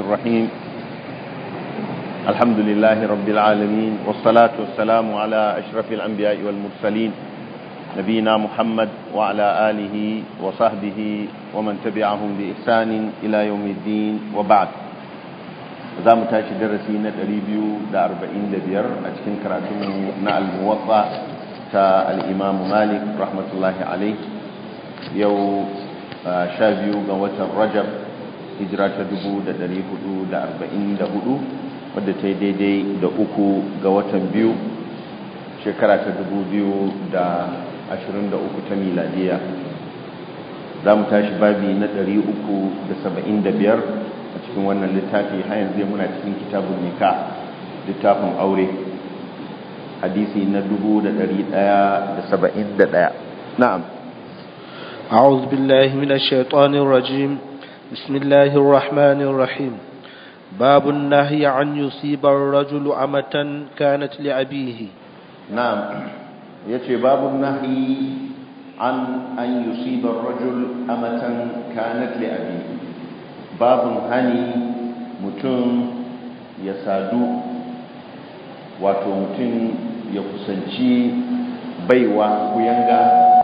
الرحيم الحمد لله رب العالمين والصلاة والسلام على أشرف الأنبياء والمرسلين نبينا محمد وعلى آله وصحبه ومن تبعهم بإحسان إلى يوم الدين وبعد za mu tashi darasi na 245 دبير cikin كراتم na الموضع تا الإمام مالك رحمة الله عليه يو شابيو قوة الرجب hijira ta 444 wadda ta yi daidai da uku ga watan biyu shekara ta 2023 ta miladiya za mu tashi babi na 375 a cikin wannan littafi har yanzu muna cikin kitabun nika littafin aure hadisi na 1171 na'am أعوذ بالله من الشيطان الرجيم بسم الله الرحمن الرحيم باب النهي عن يصيب الرجل أمة كانت لأبيه نعم يتي باب النهي عن أن يصيب الرجل أمة كانت لأبيه باب هني متم يسادو واتو متم يقسنشي بيوا وينغا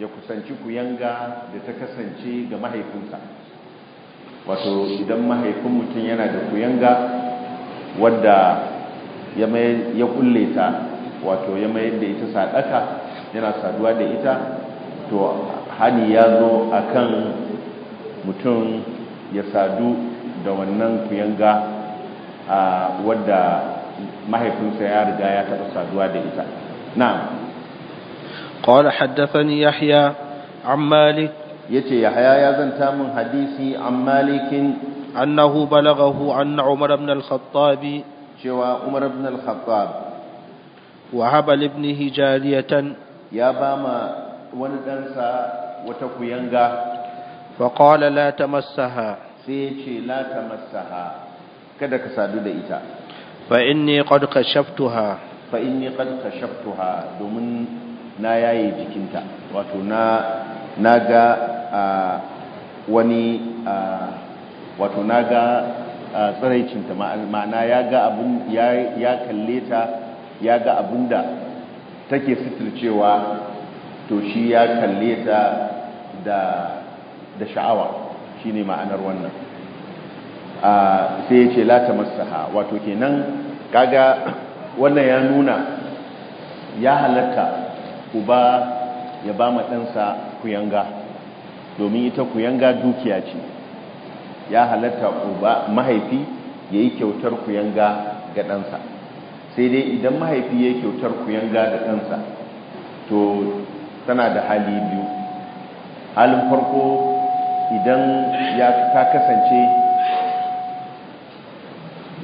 ya kusanci kuyanga da ta kasance ga mahaifinsa wato idan mahaifin mutum yana da kuyanga wadda ya kulle ta wato ya mayar da ita sadaka yana saduwa da ita to hani ya zo a kan mutum ya sadu da wannan kuyanga a wadda mahaifinsa ya riga ya taɓa saduwa da ita na'am قال حدثني يحيى عن مالك يتي يحيى يا زنتا من حديثي عن مالك أنه بلغه أن عمر بن الخطاب شوى عمر بن الخطاب وهب لابنه جارية يا باما وندنسى وتكوينغا فقال لا تمسها سيتي لا تمسها كذا كسادو إتا فإني قد كشفتها فإني قد كشفتها دومن na yaye jikinta wato na na wani wato na ga ma'ana ya ga abin ya kalle ta ya ga abin da take suturcewa to shi ya kalle ta da sha'awa shi ne ma'anar wannan sai ya ce lata masaha wato kenan kaga wannan ya nuna ya halatta ku ba ya ba ma ɗansa kuyanga domin ita kuyanga dukiya ce ya halatta uba mahaifi ya yi kyautar yanga ga ɗansa sai dai idan mahaifi ya yi kyautar kuyanga ga ɗansa to tana da hali biyu halin farko idan ya ta kasance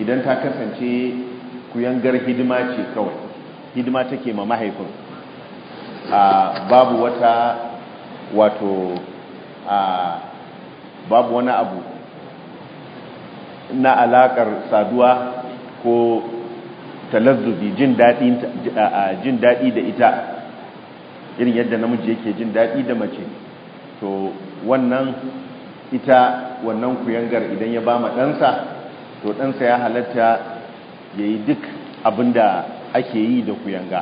idan ta kasance kuyangar hidima ce kawai hidima take ma mahaifinsa. babu wata wato babu wani abu na alakar saduwa ko talazzubi jin daɗi da ita irin yadda namiji yake jin daɗi da mace to wannan ita wannan kuyangar idan ya ba ma ɗansa to ɗansa ya halatta ya yi duk abinda ake yi da kuyanga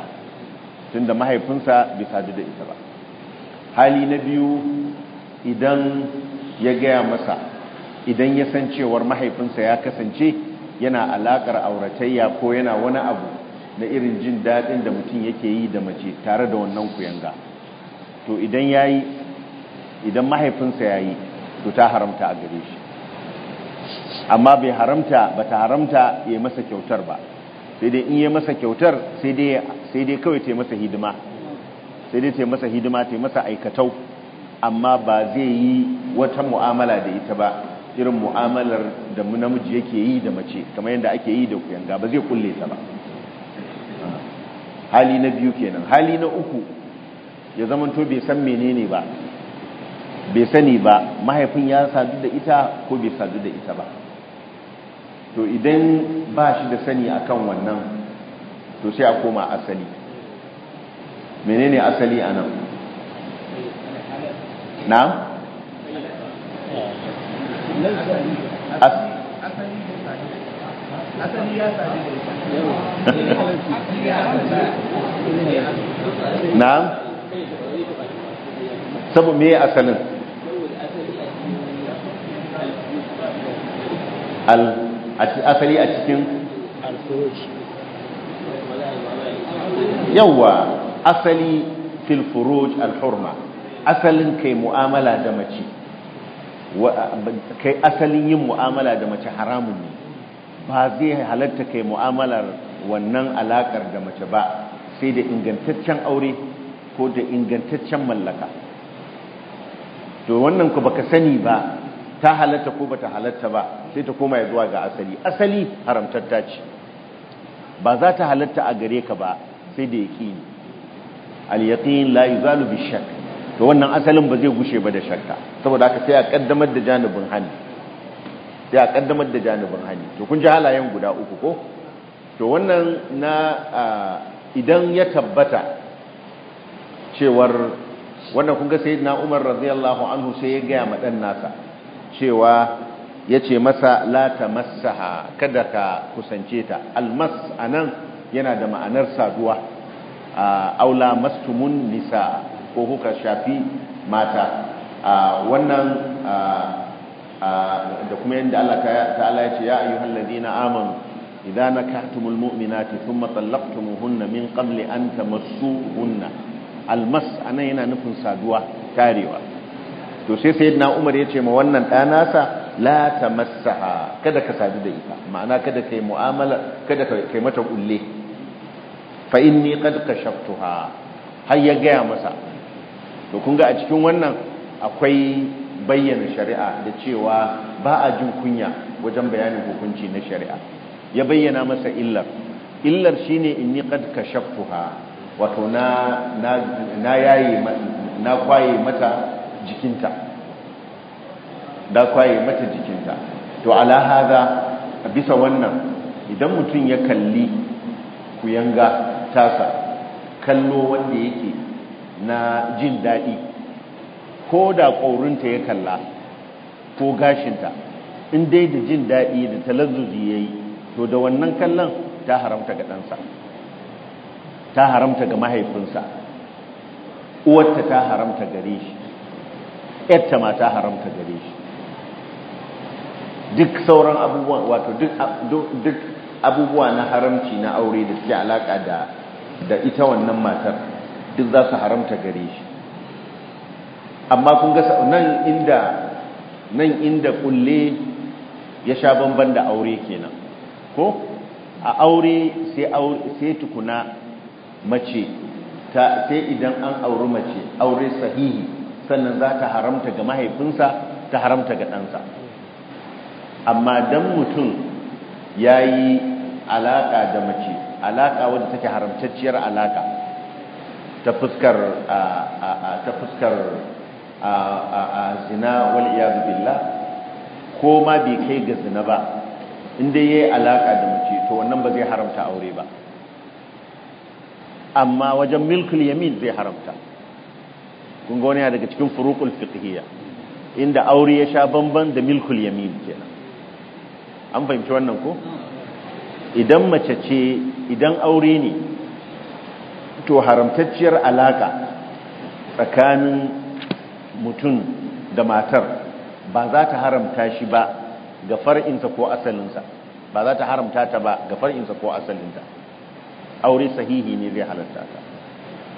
tunda mahaifinsa bai sadu da ita ba hali na biyu idan ya gaya masa idan ya san cewar mahaifinsa ya kasance yana alakar auratayya ko yana wani abu na irin jin daɗin da mutum yake yi da mace tare da wannan kuyanga to idan ya yi idan mahaifinsa ya yi to ta haramta a gare shi amma bai haramta ba ta haramta ya masa kyautar ba sai dai in yi masa kyautar sai dai kawai ta masa hidima sai dai ta masa hidima ta masa aikatau amma ba zai yi wata mu'amala da ita ba irin mu'amalar da namiji yake yi da mace kamar yadda ake yi da kuyanga ba zai kulle ta ba hali na biyu kenan hali na uku ya zamanto bai san menene ba bai sani ba mahaifin ya sadu da ita ko bai sadu da ita ba to idan ba shi da sani a kan wannan to sai a koma asali menene asali a nan na? na? sabu me asalin? al asali a cikin yawwa asali fil furuj al-hurma asalin kai mu'amala da mace kai asalin yin mu'amala da mace haramun ne ba zai halatta kai mu'amalar wannan alakar da mace ba sai da ingantaccen aure ko da ingantaccen mallaka to wannan ku baka sani ba ta halatta ko bata halatta ba sai ta koma zuwa ga asali asali haramtatta ce ba za ta halatta a gare ka ba sai da yaqini al yaqin la yuzalu bi shakk to wannan asalin ba zai gushe ba da shakka saboda haka sai a kaddamar da janibin hani sai a kaddamar da janibin hani to kun ji halayen guda uku ko to wannan na idan ya tabbata cewar wannan kun ga sayyidina Umar radiyallahu anhu sai ya ga madan nasa cewa ya ce masa la ta masaha kada ka kusance ta almas a nan yana da ma'anar saduwa a aula mastumun nisa ko kuka shafi mata wannan da kuma yadda Allah ta'ala ya ce ya na ladina amanu na nakahtumul mu'minati thumma hunna min kamle an hunna almas a nan yana nufin saduwa tarewa to sai sayyidina Umar ya ce ma wannan ɗa nasa la tamassaha kada ka sadu da ita ma'ana kada kai mu'amala kada kai mata kulle fa inni qad kashaftuha har ya gaya masa to kun ga a cikin wannan akwai bayyana shari'a da cewa ba a jin kunya wajen bayanin hukunci na shari'a ya bayyana masa illar illar shine inni qad kashaftuha wato na na yayi na kwaye mata jikinta da kwaye mata jikinta to ala a bisa wannan idan mutum ya kalli ku yanga tasa kallo wanda yake na jin daɗi ko da ƙorinta ya kalla ko gashinta in dai da jin daɗi da talazzuzi ya yi to da wannan kallon ta haramta ga ɗansa ta haramta ga mahaifinsa uwarta ta haramta gare shi yadda mata haramta gare shi duk sauran abubuwa wato duk abubuwa na haramci na aure da suke alaka da da ita wannan matar duk za su haramta gare shi amma kun ga nan inda nan inda kulle ya sha bamban da aure kenan ko a aure sai sai tukuna mace ta sai idan an auri mace aure sahihi sannan za ta haramta ga mahaifinsa ta haramta ga ɗansa amma don mutum ya yi alaƙa da mace alaƙa wadda take haramtacciyar alaƙa ta fuskar ta fuskar zina wal iyadu ko ma bai kai ga zina ba inda ya yi alaƙa da mace to wannan ba zai haramta aure ba amma wajen milkul yamin zai haramta kun ga wani yana daga cikin furuqul fiqhiyya inda aure ya sha bamban da milkul yamin kenan an fahimci wannan ko idan mace ce idan aure ne to haramtacciyar alaka tsakanin mutum da matar ba za ta haramta shi ba ga far'insa ko asalinsa ba za ta haramta ta ba ga far'insa ko asalinta aure sahihi ne zai halatta ta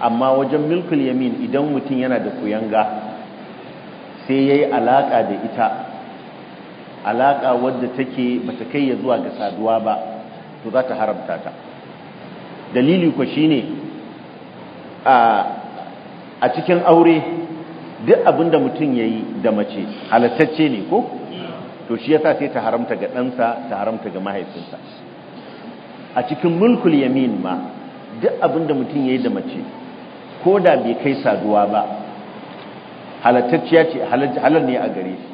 amma wajen milkul yamin idan mutum yana da kuyanga sai ya yi alaƙa da ita alaƙa wadda take ba ta kai ya zuwa ga saduwa ba to za ta haramta ta dalili kwa shi ne a cikin aure duk abin da mutum ya yi da mace halittacce ne ko to shi sa sai ta haramta ga ɗansa ta haramta ga mahaifinsa a cikin mulkul yamin ma duk abin da mutum ya yi da mace ko da bai kai saduwa ba halattacciya ce halal ne a gare shi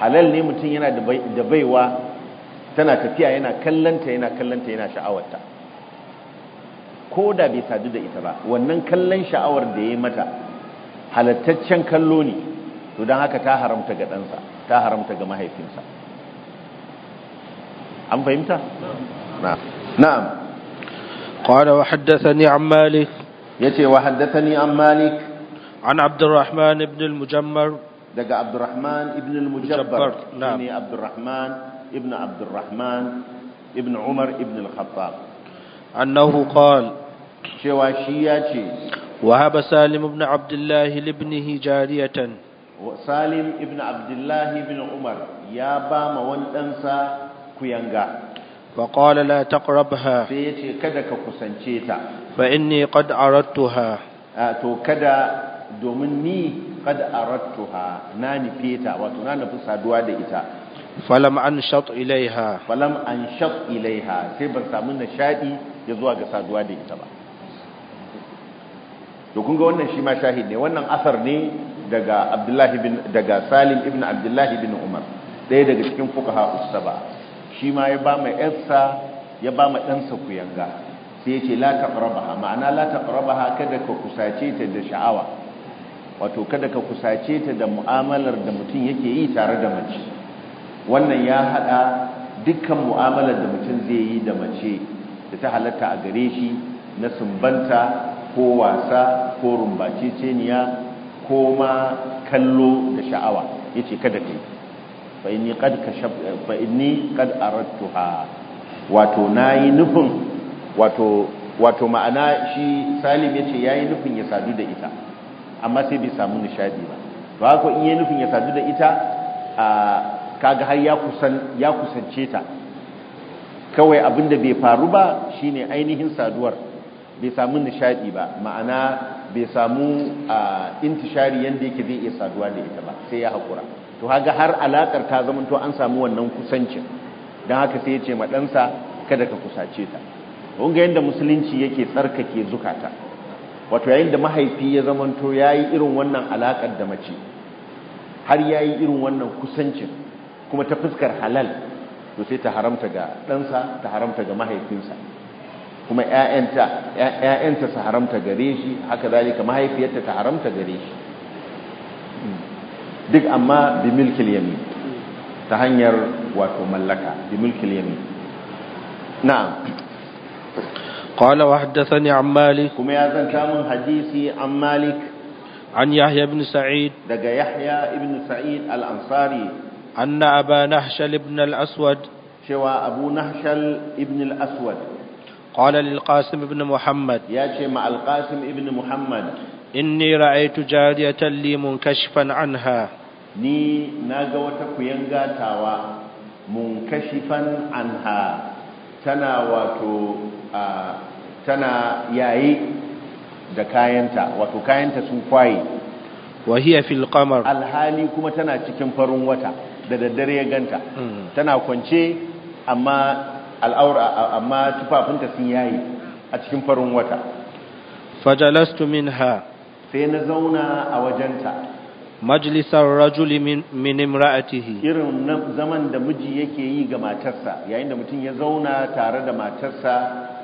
halal ne mutum yana da baiwa tana tafiya yana kallanta yana kallanta yana sha'awarta ko da bai sadu da ita ba wannan kallon sha'awar da ya yi mata halattaccen kallo ne to don haka ta haramta ga ɗansa ta haramta ga mahaifinsa an fahimta? na'am قال وحدثني عن مالك yace wa haddathani an malik an abdurrahman ibn mujammar daga abdurrahman ibn mujammar ne abdurrahman ibn abdurrahman annahu qala cewa shi yace wa haba salim ibn abdullah libnihi jariyatan salim ibn abdullah ibn umar ya ba ma wani ɗansa kuyanga faƙala la taqrabha sai yace kada ka kusance ta fa inni ha. aradtuha to kada domin ni rattu ha, na nufeta wato na nufi saduwa da ita falam anshat ilaiha falam ilai ha, sai ban samu nishaɗi ya zuwa ga saduwa da ita ba to kun ga wannan shi ma shahid ne wannan asar ne daga salim ibn abdullahi bin umar ɗaya daga cikin fuqaha ba. shi ma ya ba mai yarsa ya ba ma ɗansa kuyanga sai ce la taqrabaha ma'ana la taqrabaha kada ka kusace ta da sha'awa wato kada ka kusace ta da mu'amalar da mutum yake yi tare da mace wannan ya haɗa dukkan mu'amalar da mutum zai yi da mace da ta halatta a gare shi na sumbanta ko wasa ko rumbaceceniya ko ma kallo da sha'awa yace kada ka fa inni qad kashab fa inni qad aradtuha wato nayi nufin wato wato ma'ana shi salim ya ce ya yi nufin ya sadu da ita amma sai bai samu nishadi ba to haka in yi nufin ya sadu da ita kaga har ya kusance ta kawai abin da bai faru ba shine ainihin saduwar bai samu nishadi ba ma'ana bai samu intishari yadda yake zai iya saduwa da ita ba sai ya haƙura to haga har alaƙar ta zama to an samu wannan kusancin don haka sai yace ce ɗansa kada ka kusace ta kun yadda musulunci yake tsarkake zukata wato yayin da mahaifi ya zamanto yi irin wannan alaƙar da mace har ya yi irin wannan kusancin kuma ta fuskar halal to sai ta haramta ga ɗansa ta haramta ga mahaifinsa kuma ƴaƴanta su haramta gare shi haka zalika mahaifiyarta ta haramta gare shi duk amma bi milkil yamin ta hanyar wato mallaka bi milkil yamin na. قال وحدثني عن مالك كما يزن كامن حديثي عن مالك عن يحيى بن سعيد دقى يحيى بن سعيد الأنصاري أن أبا نهشل بن الأسود شوى أبو نهشل بن الأسود قال للقاسم بن محمد يا شيماء القاسم بن محمد إني رأيت جارية لي منكشفا عنها ni na ga wata kuyanga tawa munkashifan anha tana wato tana yayi da kayanta wato kayanta sun kwaye wa hiya fil qamar alhali kuma tana cikin farin wata da daddare ya ganta hmm. tana kwance amma al'aura amma tufafinta sun yayi a cikin farin wata fajalastu minha sai na zauna a wajenta majlisar rajuli min imra'atihi irin zaman da miji yake yi ga matarsa yayin da mutum ya zauna tare da matarsa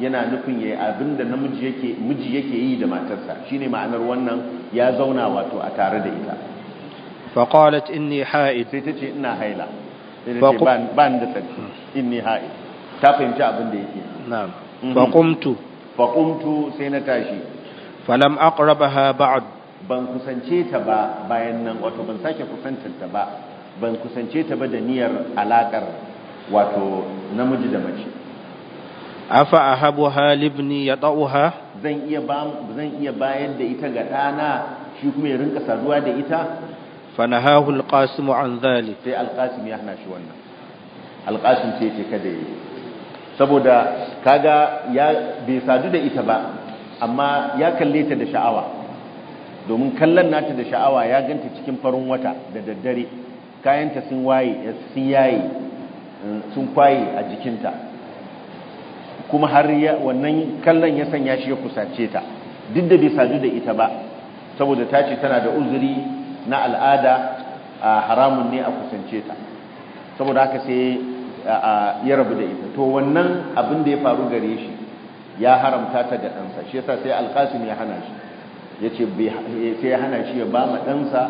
yana nufin yayi abin da namiji yake miji yake yi da matarsa shine ma'anar wannan ya zauna wato a tare da ita fa qalat inni ha'id sai tace ina haila sai ban ban da tsarki inni ha'id ta fahimci abin da yake na'am mhm. fa qumtu fa qumtu sai na tashi falam aqrabaha ba'd ban kusance ta ba bayan nan wato ban sake kusantar ta ba ban kusance ta ba da niyyar alakar wato namiji da mace afa ahabu halibni ya ta'uha zan iya ba zan iya bayar da ita ga dana shi kuma ya rinka saduwa da ita nahahu alqasim an zalik sai alqasim ya hana shi wannan alqasim sai ce kada yi saboda kaga ya bai sadu da ita ba amma ya kalle ta da sha'awa domin kallon nata da sha'awa ya ganta cikin farin wata da daddare kayanta sun waye eh, sun yaye eh, sun kwaye a jikinta kuma har wannan kallon ya sanya shi ya kusace ta duk da bai sadu da ita ba saboda ta ce tana da uzuri na al'ada a haramun ne a kusance ta saboda haka sai ya rabu da ita to wannan abin da ya faru gare shi ya haramta ta ga ɗansa shi yasa sai alƙasim ya hana shi ya ce sai ya hana shi ya ba ma ɗansa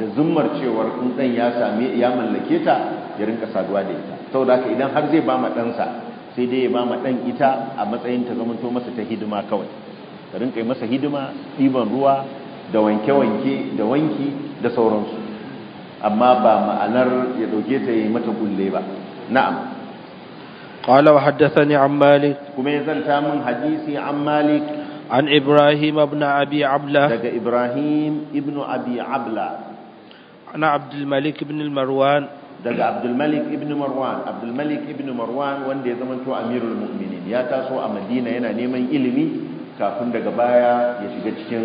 da zummar cewar in ɗan ya sami ya mallake ta ya rinka saduwa da ita sau da haka idan har zai ba ma ɗansa sai dai ya ba ma ɗan ita a matsayin ta zamanto masa ta hidima kawai ka rinka yi masa hidima ɗiban ruwa da wanke-wanke da wanki da sauransu amma ba ma'anar ya ɗauke ta yi mata kulle ba na'am قال وحدثني عن مالك كما يزلت من عن مالك an ibrahim ibn abi abla daga ibrahim ibn abi abla ana Abdulmalik ibn marwan daga Abdulmalik ibn marwan Abdulmalik ibn marwan wanda ya zama to amirul mu'minin ya taso a madina yana neman ilimi kafin daga baya ya shiga cikin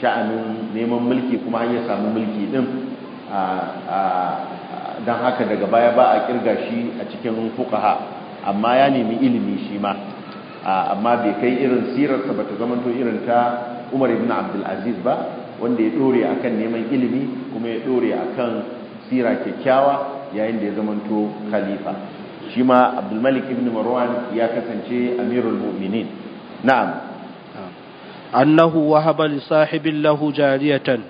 sha'anin neman mulki kuma an ya samu mulki din don haka daga baya ba a kirga shi a cikin fukaha amma ya nemi ilimi shi ma amma bai kai irin sirarsa ba ta zamanto irin ta umar ibn abdulaziz ba wanda ya dore akan neman ilimi kuma ya dore akan sira kyakkyawa yayin da ya zamanto khalifa shi ma abdulmalik ibn marwan ya kasance amirul mu'minin na'am annahu wahaba li sahibin lahu jariyatan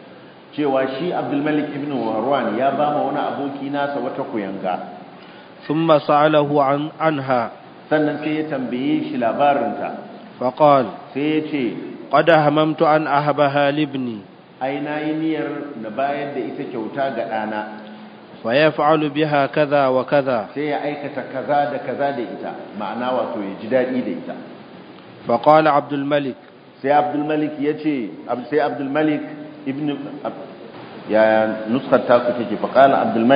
cewa shi abdulmalik ibn marwan ya ba ma wani aboki nasa wata kuyanga thumma sa'alahu an anha sannan sai ya tambaye shi labarinta faqal sai ya ce qad hamamtu an ahbaha libni ai nayi niyyar na bayar da ita kyauta ga dana fa yaf'alu biha kaza wa kaza sai ya aikata kaza da kaza da ita ma'ana wato ya ji daɗi da ita faqal abdul malik sai abdul malik ce sai abdul malik ibn ya nuskar tasu take faqal abdul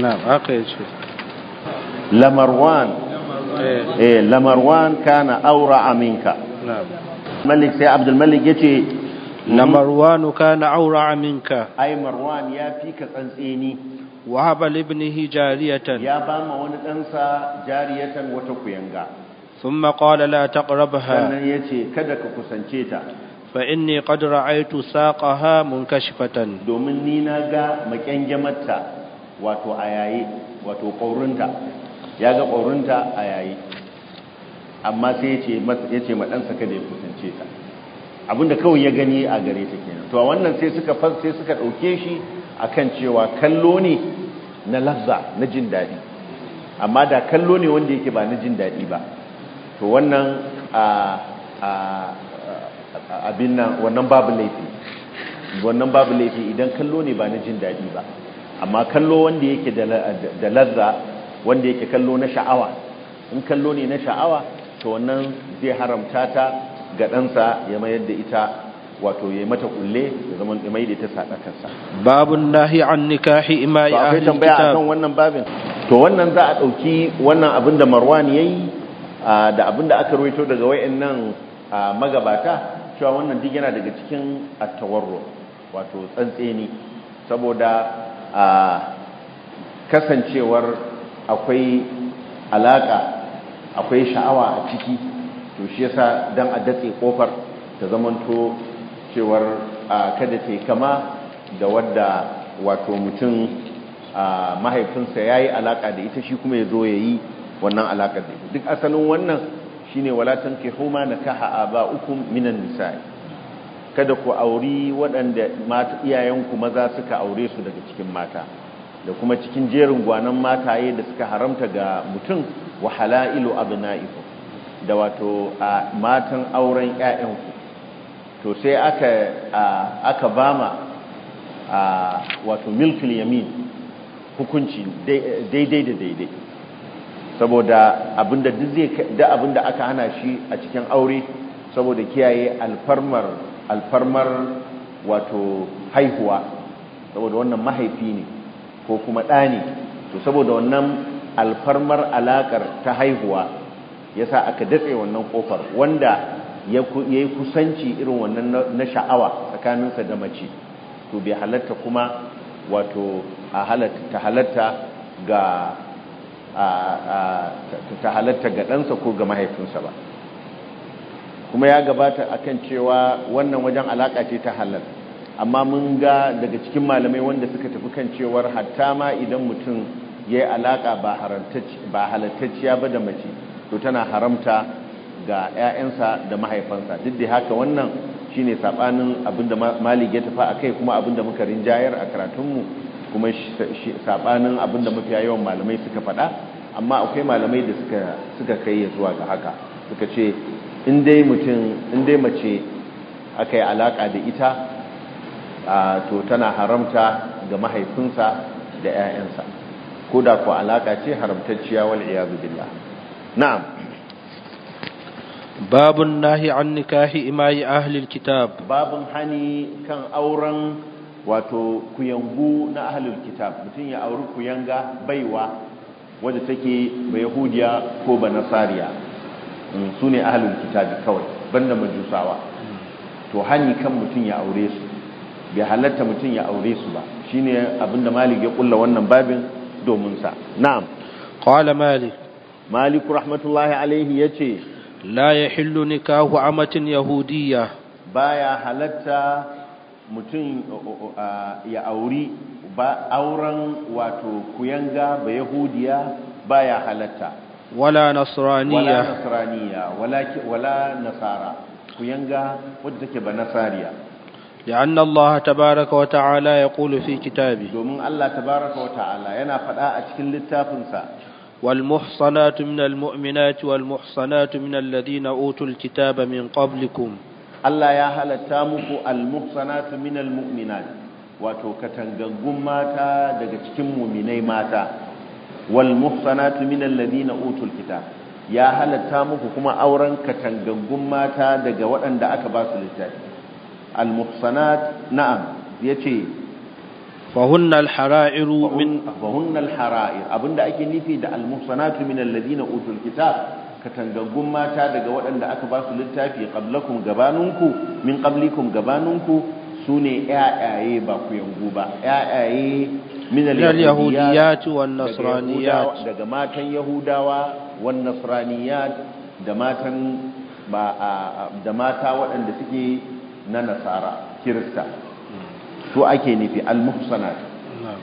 na aka yace lamarwan eh lamarwan kana aura aminka malik sai abdul malik yace hmm? lamarwan kana aura aminka ai ya fi ka tsantseni wa haba libnihi jariyatan ya ba wani ɗansa jariyatan wata kuyanga ثم قال ta تقربها sannan yace kada ka kusance ta فإني قد رأيت ساقها منكشفة domin ni na ga makyanjamarta wato ayaye wato ƙaurinta ya ga ƙaurinta a yayi amma sai ya ce maɗansa kada ya kusance ta abinda kawai ya gani a gare ta kenan to a wannan sai suka sai suka ɗauke shi a kan cewa kallo ne na lazza na jin daɗi amma da kallo ne wanda yake ba na jin daɗi ba to wannan abin nan wannan babu laifi wannan babu laifi idan kallo ne ba na jin daɗi ba amma kallo wanda yake da lazza wanda yake kallo na sha'awa in kallo ne na sha'awa to wannan zai haramta ta ga ɗansa ya mayar da ita wato ya mata kulle ya zama mai da ta kansa babun nahi an nikahi ya ahli kitab tambaya kan wannan babin to wannan za a dauki wannan abin da Marwan yayi da abin da aka ruwaito daga wayannan magabata cewa wannan duk yana daga cikin at-tawarru wato tsantseni saboda kasancewar akwai alaka akwai sha'awa a ciki to shi yasa dan a datse kofar ta zamanto cewar kada ta kama da wadda wato mutum mahaifinsa ya yi alaka da ita shi kuma ya zo ya yi wannan alaka da ita duk asalin wannan shi shine walatan ke homa na kaha ba uku minan nisa'i kada ku auri waɗanda iyayenku maza suka aure su daga cikin mata da kuma cikin jerin gwanan mataye da suka haramta ga mutum wa halailu abna'ikum da wato a matan auren ƴaƴanku to sai aka aka bama wato milkul yamin hukunci daidai da daidai saboda abinda duk zai da abinda aka hana shi a cikin aure saboda kiyaye alfarmar alfarmar wato haihuwa saboda wannan mahaifi ne ko kuma ɗani to saboda wannan alfarmar alaƙar ta haihuwa ya sa aka datse wannan ƙofar wanda ya yi kusanci irin wannan na sha'awa tsakaninsa da mace to bai halatta kuma wato ta halatta ga ɗansa ko ga mahaifinsa ba kuma ya gabata akan cewa wannan wajen alaƙa ce ta halal amma mun ga daga cikin malamai wanda suka tafi kan cewar hatta ma idan mutum ya yi alaƙa ba halattacciya ba da mace to tana haramta ga 'ya'yansa da mahaifansa duk da haka wannan shi ne saɓanin abinda malik ya tafa a kai kuma abinda muka rinjayar a karatunmu kuma saɓanin abinda mafiya yawan malamai suka faɗa amma akwai malamai da suka kai ya zuwa ga haka suka ce in dai mace aka yi alaƙa da ita to tana haramta ga mahaifinsa da 'ya'yansa ko da ku alaƙa ce haramtacciya wal iyadu billah na'am babun nahi an nikahi imayi ahlil kitab babun hani kan auren wato kuyangu na ahlul kitab mutum ya auri kuyanga baiwa wadda take ba yahudiya ko ba nasariya mm, su ne ahlul kitab kawai banda majusawa mm. to hani kan mutum ya aure su bai halatta mutum ya aure su ba shine abinda malik ya kulla wannan babin domin sa na'am qala malik malik rahmatullahi alaihi yace la yahillu nikahu amatin yahudiyya baya halatta mutum ya auri ba auren wato kuyanga ba yahudiya baya halatta wala nasraniya wala nasraniya wala nasara kuyanga wadda take ba nasariya لأن الله تبارك وتعالى يقول في كتابه دومن الله تبارك وتعالى ينا فدا أتكن للتافنسا والمحصنات من المؤمنات والمحصنات من الذين أوتوا الكتاب من قبلكم الله يا هل تامك المحصنات من المؤمنات وتوكتنغغم ماتا دغتكم مؤمني ماتا والمحصنات من الذين أوتوا الكتاب يا هل تامك كما أورن كتنغغم ماتا دغ وأن دعك باس للتافن المحصنات نعم na'am yace الحرائر من فهن الحرائر ابن ده اكي نفي ake nufi da الذين اوتوا الكتاب كتنغغون ماتا mata daga waɗanda aka ba su littafi qablakum gabaninku min qablikum gabaninku sune ƴaƴaye ba ku yangu ba ƴaƴaye min al-yahudiyat wan nasraniyat daga matan yahudawa wan da matan ba da mata waɗanda suke na nasara kirista to ake nufi al-muhsanat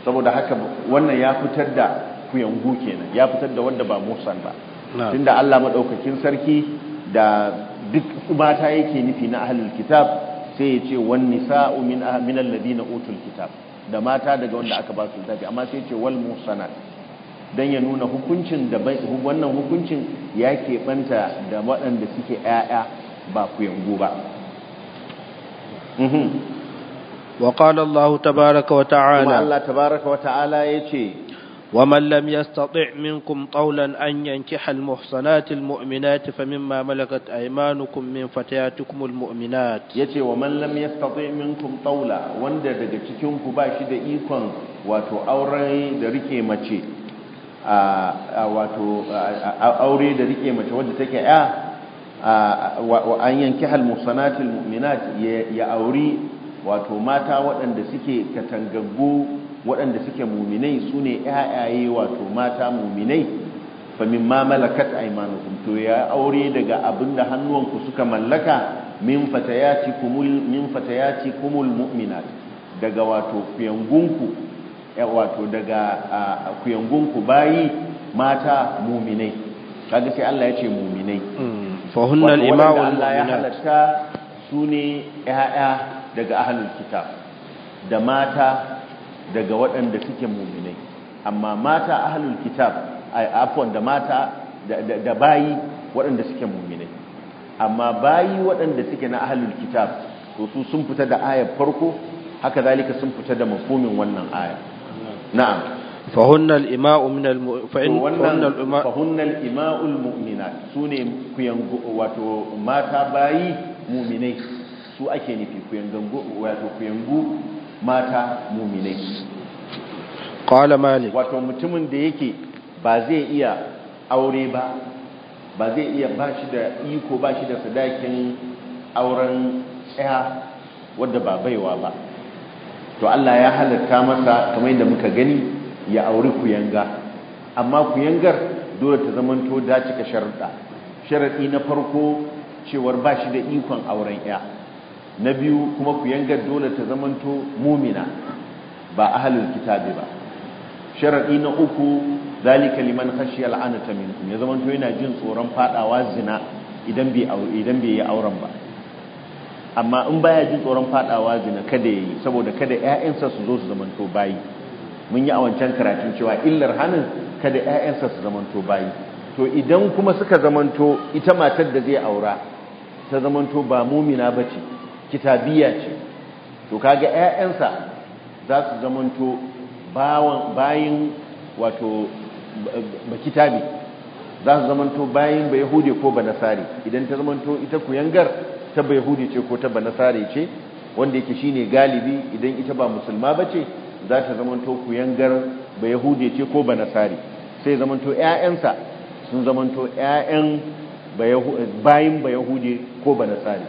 saboda haka wannan ya fitar da kuyangu kenan ya fitar da wanda ba muhsan ba tunda Allah madaukakin sarki da duk mata yake nufi na ahlul kitab sai ya ce wan nisa'u min ah, min alladhina utul kitab da mata daga wanda aka ba su littafi amma sai ya ce wal muhsanat dan ya nuna hukuncin da wannan hukuncin yake banta da waɗanda suke 'ya'ya ba kuyangu ba wa qala Allah tabaaraka wa ta'ala Allah tabaaraka wa ta'ala yace ومن لم يستطع منكم طولا أن ينكح المحصنات المؤمنات فمما ملكت أيمانكم من فتياتكم المؤمنات يتي ومن لم يستطع منكم طولا وندر دكتكم كباشي دئيكم واتو أوري دريكي مچي واتو أوري دريكي مچي وجدتك آه wa an yanki halmusanatul mu'minat ya auri wato mata waɗanda suke katangaggo waɗanda suke muminai su ne ƴaƴaye wato mata muminai famin ma malakat aymanukum to ya aure daga abinda hannuwanku suka mallaka min fatayaci kumul mu'minat daga wato kuyangunku wato daga kuyangunku bayi mata muminai kaga sai Allah ya ce muminai hmm. فهن halatta su ne ƴaƴa daga ahlul kitab da mata daga waɗanda suke muminai amma mata ahlul kitab afwan da mata da bayi waɗanda suke muminai amma bayi waɗanda suke na ahlul kitab to su sun fita da ayar farko haka zalika sun fita da mafhumin wannan ayar na'am فهن الإماء من الم... فإن فهن الإماء فهن الإماء المؤمنات su ake nufi kuyangangu wato kuyangu mata muminai wato mutumin da yake ba zai iya aure ba ba zai iya ba shi da iko ba shi da sadakin auren tsaya wadda ba baiwa ba to Allah ya halatta masa kamar da muka gani ya auri ku yanga amma ku yangar dole ta zamanto da cika sharuɗa sharaɗi na farko cewar ba shi da ikon auren ya na biyu kuma ku kuyangar dole ta zamanto mumina ba ahalul kitabi ba sharaɗi na uku zalika liman khashiya al'anata minkum ya zamanto yana jin tsoron fadawa zina idan bai yi auren ba amma in baya jin tsoron fadawa zina kada yi saboda kada ƴaƴansa su zo su zamanto bayi mun yi a wancan karatun cewa illar hannun kada 'ya'yansa su zamanto bayi to idan kuma suka zamanto ita matar da zai aura ta zamanto ba mumina ba ce kitabiya ce to kaga 'ya'yansa za su zamanto bayan wato ba kitabi za su zamanto bayan ba yahudi ko ba nasari idan ta zamanto ita kuyangar ta ba yahudi ce ko ta ba nasari ce wanda yake shine galibi idan ita ba musulma ba ce za ta zamanto kuyangar ba yahudi ce ko ba nasari sai zamanto ƴaƴansa sun zamanto ƴaƴan bayan ba yahudi ko ba nasari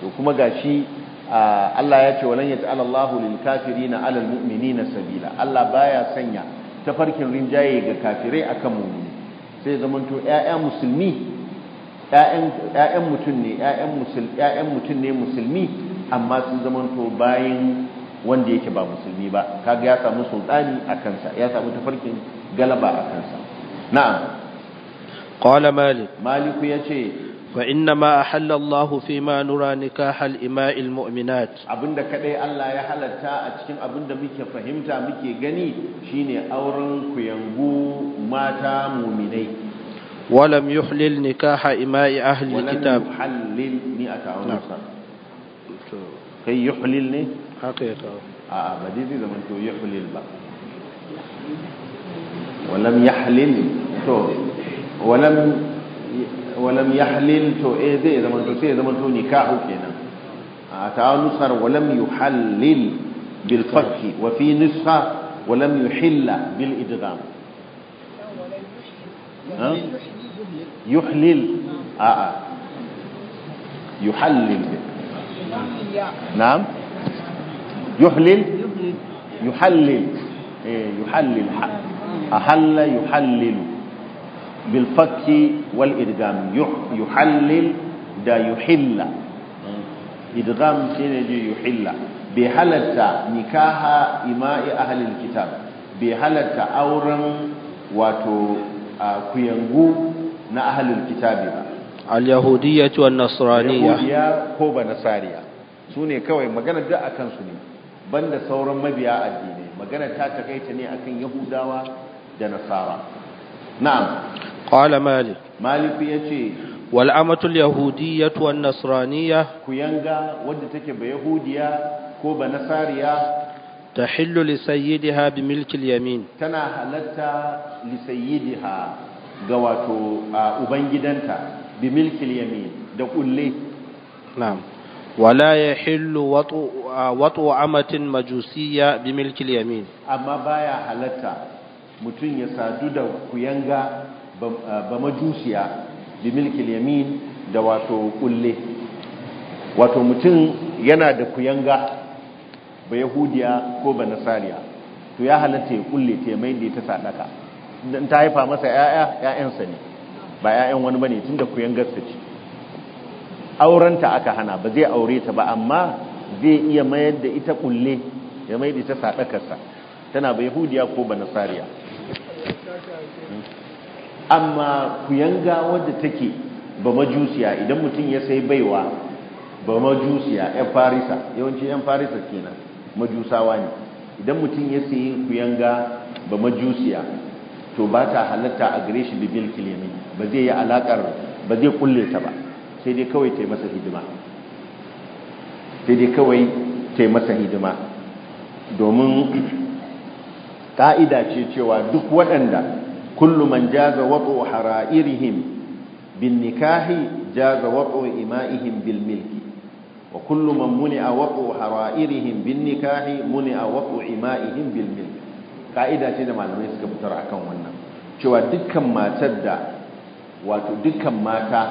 to kuma ga shi Allah ya ce walan yaj'al Allahu lil na 'alal na sabila Allah baya sanya tafarkin rinjaye ga kafirai akan mu'mini sai zamanto ƴaƴa ‘ya'yan mutum ne ‘ya'yan mutum ne musulmi amma sun zamanto bayan wanda yake ba musulmi ba kaga ya samu sultani a kansa ya samu tafarkin galaba a kansa na'am qala malik maliku yace fa inna ma ahalla Allahu fi ma nura nikah al ima'il mu'minat abinda kadai Allah ya halarta a cikin abinda muke fahimta muke gani shine auren kuyangu mata mu'minai ولم يحلل نكاح إماء أهل الكتاب ولم يحلل مئة kai yuhlil ne haka ya kawo a ba dai zai zama to yuhlil ba walam yahlil to walam walam yahlil to eh zai zama to sai zama to nikahu kenan a ta nusar walam yuhallil bil fathi wa fi nusha walam yuhilla bil idgham يحلل آه يحلل na'am yuhlil yuhallil yuhallil ahalla yuhallilu bil fakki wal idgham yuhallil da yuhilla idgham shine ji yuhilla bai halatta nikaha ima'i ahlil kitab bai halarta auren wato kuyangu na ahlul kitabi ba al-yahudiyya wa nasraniyya yahudiya ko ba nasariya su ne kawai magana da akan su ne banda sauran mabiya addinai magana ta takaita ne akan yahudawa da nasara na'am qala malik malik yace wal amatu al-yahudiyya wa nasraniyya ku yanga wanda take ba yahudiya ko ba nasariya تحل لسيدها بملك اليمين تنا حلتا لسيدها ga wato gidanta. bi milkil yamin da kulle na'am wala yahillu watu watu amatin majusiyya bi milkil amma baya halarta mutum ya sadu da kuyanga ba majusiya bi da wato kulle wato mutum yana da kuyanga ba yahudiya ko ba nasariya to ya halarta ya kulle ta mai da ta sadaka dan ta haifa masa 'ya'ya 'ya'yansa ne ba 'ya'yan wani bane tunda kuyan gasta ce aurenta aka hana ba zai aure ta ba amma zai iya mayar da ita kulle ya mayar da ita sadakarsa tana ba yahudiya ko ba nasariya amma kuyanga wadda take ba majusiya idan mutum ya sai baiwa ba majusiya yan farisa yawanci yan farisa kenan majusawa ne idan mutum ya sai sayi kuyanga ba majusiya to ba ta halatta a gare shi bibil kilimi ba zai yi alakar ba zai kulle ta ba sai dai kawai ta yi masa hidima sai dai kawai ta yi masa hidima domin ka'ida ce cewa duk waɗanda kullu man jaza wato hara'irihim bin nikahi jaza wato ima'ihim bil milki wa kullu man muni'a wato hara'irihim bin nikahi muni'a wato ima'ihim bil milki ka'ida ce da malamai suka fitar akan wannan cewa dukkan matar da wato dukkan mata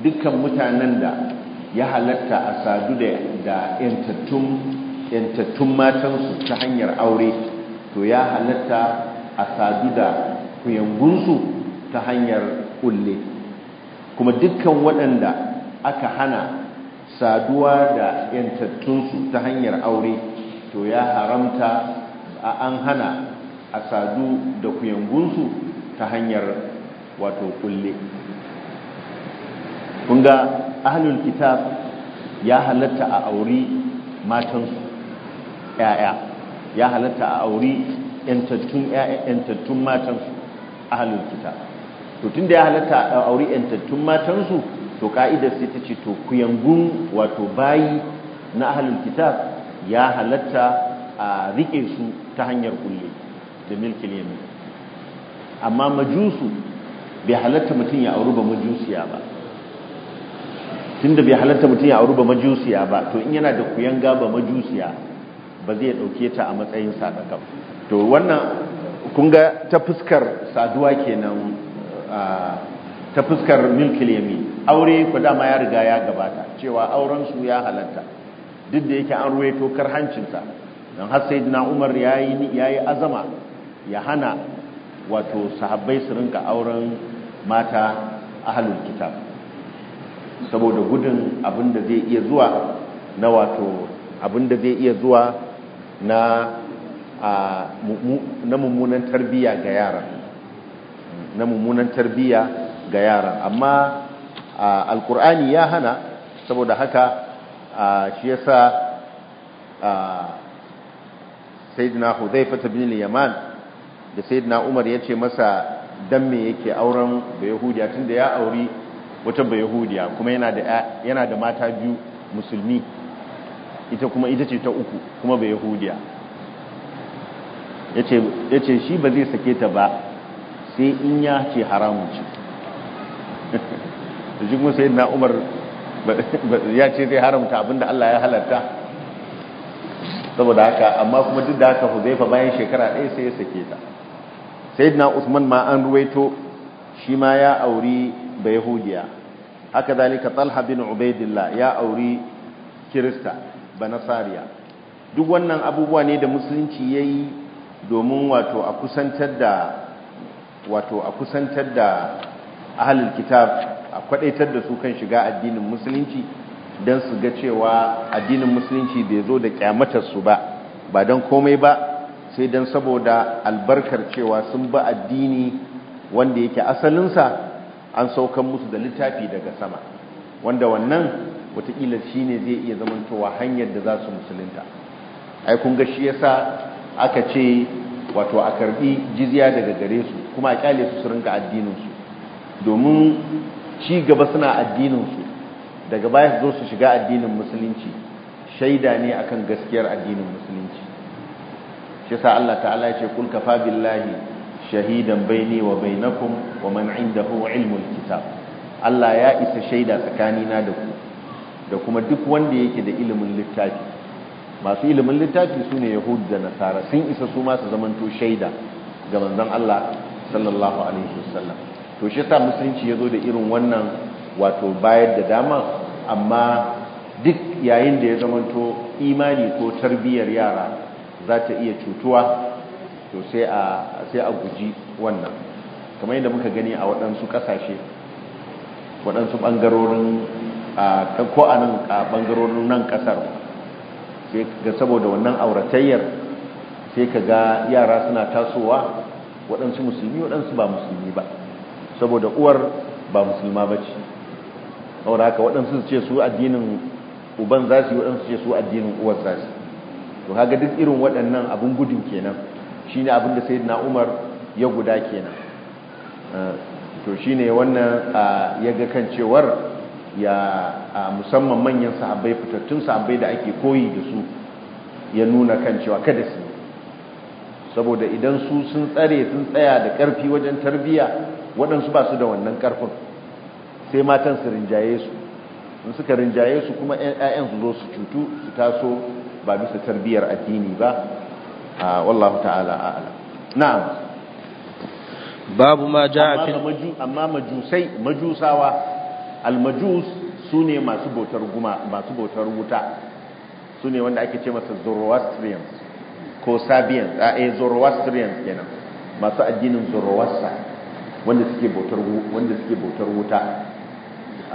dukkan mutanen da ya halatta a sadu da yantattun matansu ta hanyar aure to ya halatta a sadu da kuyangunsu ta hanyar kulle kuma dukkan waɗanda aka hana saduwa da yantattunsu ta hanyar aure to ya haramta A an hana a sadu da kuyangunsu ta hanyar wato kulle kunga ahlul kitab ya halatta a auri matansu ya'ya ya halatta a auri yantattun yantattun matansu ahlul kitab to tunda ya halatta a auri yantattun matansu to ka'idar sai ta ce to kuyangun wato bayi na ahlul kitab ya halatta a rike su ta hanyar kulle da milkin yamin amma majusu bai halatta mutum ya auri ba majusiya ba tunda bai halatta mutum ya auri ba majusiya ba to in yana da kuyan gaba majusiya ba zai dauke ta a matsayin sadaka to wannan kun ga ta fuskar saduwa kenan ta fuskar milkin yamin aure ku dama ya riga ya gabata cewa auren su ya halatta duk da yake an ruwaito karhancinsa don har sai na umar ya yi azama ya hana wato sahabbai su rinka auren mata ahalul kitab saboda gudun abinda zai iya zuwa na wato abinda zai iya zuwa na na mummunan tarbiya ga yaran na mummunan tarbiya ga yaran amma alkur'ani ya hana saboda haka shi yasa sayyidina hudhaifa bin yaman da sayyidina umar ya ce masa dan me yake auren da tun tunda ya auri wata yahudiya kuma yana da yana da mata biyu musulmi ita kuma ita ce ta uku kuma yahudiya yace yace shi ba zai sake ta ba sai in ya ce haramun ce da shi kuma sayyidina umar ya ce zai haramta abinda Allah ya halatta saboda haka amma kuma duk da haka huzaifa bayan shekara ɗaya sai ya sake ta sayyidina usman ma an ruwaito shi ma ya auri bayahudiya haka zalika talha bin ubaidillah ya auri kirista banasariya duk wannan abubuwa ne da musulunci ya yi domin wato a kusantar da wato a kusantar da kitab a kwadaitar da su kan shiga addinin musulunci don su ga cewa addinin musulunci bai zo da kyamatar su ba ba don komai ba sai don saboda albarkar cewa sun ba addini wanda yake asalinsa an saukan musu da littafi daga sama wanda wannan watakila shi ne zai iya zamantowa hanyar da za su musulunta ai kun ga shi yasa aka ce wato a karbi jiziya daga gare su kuma a kyale su su rinka addininsu domin ci gaba suna addininsu daga baya su zo su shiga addinin musulunci shaida ne akan gaskiyar addinin musulunci shi sa Allah ta'ala ya ce kul kafa billahi shahidan baini wa bainakum wa man indahu ilmul kitab Allah ya isa shaida tsakanina da ku da kuma duk wanda yake da ilimin littafi masu ilimin littafi sune yahudu da nasara sun isa su ma su zamanto shaida ga manzon Allah sallallahu alaihi wasallam to shi sa musulunci zo da irin wannan wato bayar da dama amma duk yayin da ya zamanto imani ko tarbiyyar yara za ta iya cutuwa to sai a guji wannan kamar yadda muka gani a waɗansu ƙasashe waɗansu ɓangarorin ko a nan ɓangarorin nan ƙasar sai ga saboda wannan auratayyar sai ka ga yara suna tasowa waɗansu musulmi waɗansu ba musulmi ba saboda uwar ba musulma ba ce saboda haka waɗansu ce su addinin uban za su yi waɗansu ce su addinin uwar za su to haga duk irin waɗannan abin gudun kenan shi ne abin da na Umar ya guda kenan ah, to shi ne wannan ah, ya ga kan cewar ya ah, musamman manyan sahabbai fitattun sahabbai da ake koyi da su ya nuna kan cewa kada su saboda idan su sun tsare sun tsaya da ƙarfi wajen tarbiyya waɗansu ba su da wannan ƙarfin sai matan su rinjaye su in suka rinjaye su kuma 'ya'yan su zo su cutu su taso ba bisa tarbiyyar addini ba wallahu ta'ala a'ala na'am babu ma ja'a amma majusai majusawa almajus sune masu bautar guma masu bautar wuta sune wanda ake ce masa zoroastrians ko sabians a eh zoroastrians kenan masu addinin zoroasta wanda suke bautar wanda suke bautar wuta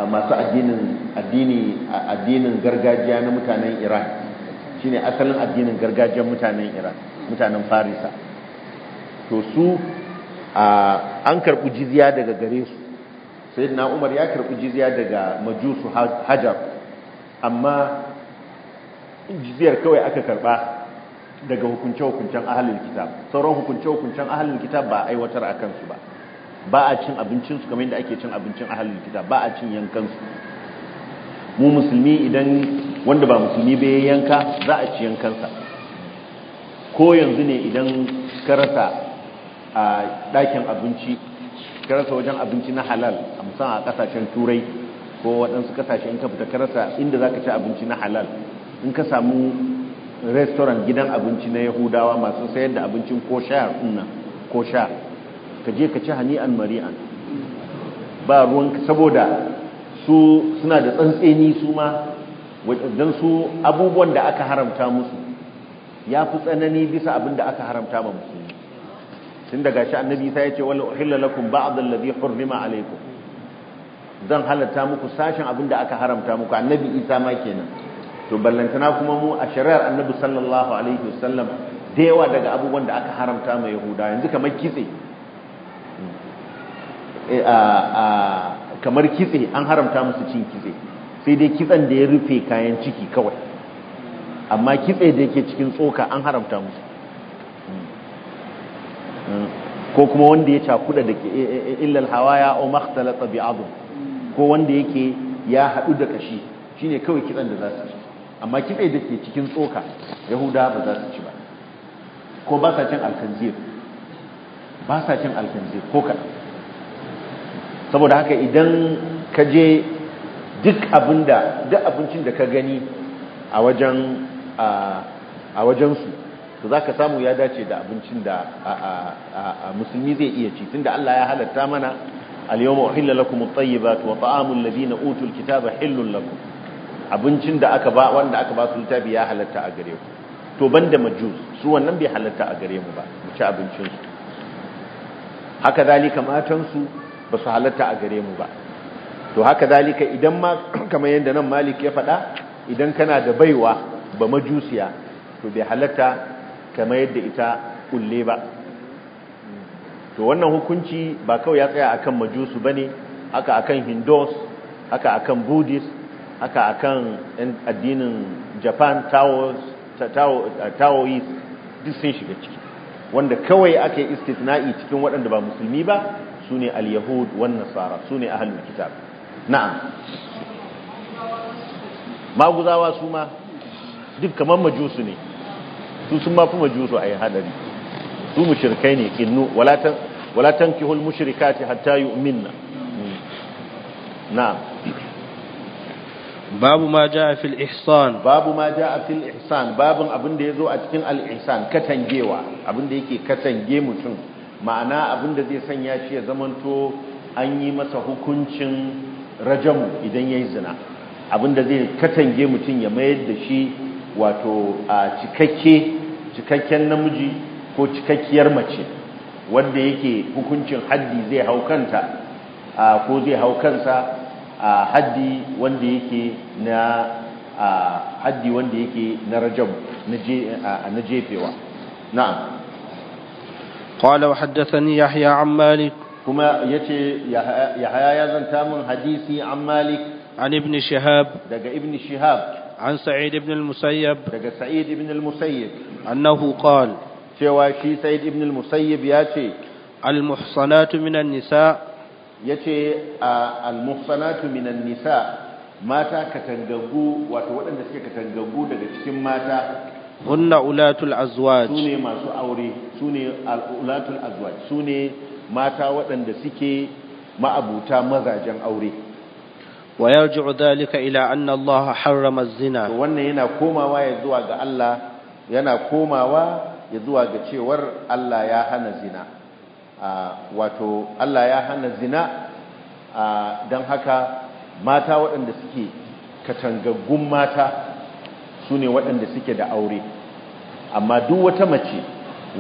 masu addinin gargajiya na mutanen iran shine asalin addinin gargajiyar mutanen iran mutanen farisa to su an karɓi jiziya daga gare su sai na umar ya karɓi jiziya daga majusu hajar amma jiziyar kawai aka karɓa daga hukunce-hukuncen ahalin kitab sauran hukunce-hukuncen ahalin kitab ba a aiwatar a kansu ba ba a cin abincinsu kamar yadda ake cin abincin ahalin kitab ba a cin yankansu mu musulmi idan wanda ba musulmi bai yanka za a ci yankansa ko yanzu ne idan ka rasa a ɗakin abinci ka rasa wajen abinci na halal a musamman a ƙasashen turai ko waɗansu kasashe in ka fita ka rasa inda za ka ci abinci na halal in ka samu restoran gidan abinci na yahudawa masu sayar da abincin ko sha'ar ko sha'ar ka je ka ci hani'an mari'an ba ruwanka saboda su suna da tsantseni su ma don su abubuwan da aka haramta musu ya fi tsanani bisa abin da aka haramta ma musu tun daga shi annabi ta ya ce wala uhilla lakum ba'd alladhi hurrima alaykum zan halatta muku sashen abin da aka haramta muku annabi isa ma kenan to ballantana kuma mu a shari'ar annabi sallallahu alaihi wasallam da yawa daga abubuwan da aka haramta ma yahuda yanzu kamar kitse Eh, kamar kitse an haramta musu cin kitse sai dai kitsen da ya rufe kayan ciki kawai amma kitse da yake cikin tsoka an haramta musu hmm. Hmm. ko kuma wanda ya cakuda da eh, eh, illal hawaya o makhtalata bi adum ko wanda yake ya haɗu da kashi shine kawai kitsen da za su ci amma kitse da ke cikin tsoka yahuda ba za su ci ba ko ba sa cin alkanzir ba sa cin alkanzir ko kaɗan saboda haka idan ka je duk abinda duk abincin da ka gani a wajen a wajensu to za ka samu ya dace da abincin da musulmi zai iya ci tun da Allah ya halatta mana al-yawma uhilla lakum at wa labi na utul kitaba hillun lakum abincin da aka ba wanda aka ba su littafi ya halatta a gare ku to ban banda majus su wannan bai halatta a gare mu ba mu ci abincinsu haka zalika matan su ba su halatta a gare mu ba to haka zalika idan ma kamar yadda nan malik ya faɗa idan kana da baiwa ba majusiya to bai halatta kamar yadda ita kulle ba to wannan hukunci ba kawai ya tsaya akan majusu bane haka akan hindus haka akan buddhist haka akan addinin japan taoist duk sun shiga ciki wanda kawai aka yi istisna'i cikin waɗanda ba musulmi ba sune al-yahud wan nasara sune ahlul kitab na'am maguzawa su ma duk kamar majusu ne su sun mafi fi majusu a yi hadari su mushrikai ne kinnu walatan walatan kihul mushrikati hatta yi yu'minna na'am babu ma ja a fil ihsan babu ma ja a fil ihsan babin abin da zo a cikin al ihsan katangewa abin da yake katange mutum ma'ana abinda zai sanya shi ya zamanto an yi masa hukuncin rajamu idan ya yi zina abinda zai katange mutum ya mayar da shi wato a cikakke cikakken namiji ko cikakkiyar mace wanda yake hukuncin haddi zai hau kanta ko zai hau kansa a haddi wanda yake na haddi wanda yake na rajamu na jefewa na'am قال وحدثني يحيى عن مالك كما يتي يحيى يزن تامن حديثي عن مالك عن ابن شهاب دقى ابن شهاب عن سعيد بن المسيب دقى سعيد بن المسيب أنه قال cewa shi Said ibn al ya ce al-muhsanatu minan nisa yace al-muhsanatu minan nisa mata katangagu wato waɗanda suke katangagu daga cikin mata hunna ulatul azwaj sune aure ulatul azwaj sune mata waɗanda suke ma'abuta mazajen aure wa yarji'u dhalika ila anna Allah zina wannan yana komawa ya zuwa ga yana komawa ya zuwa cewar Allah ya hana zina wato Allah ya hana zina don haka mata waɗanda suke katangaggun mata su ne waɗanda suke da aure amma duk wata mace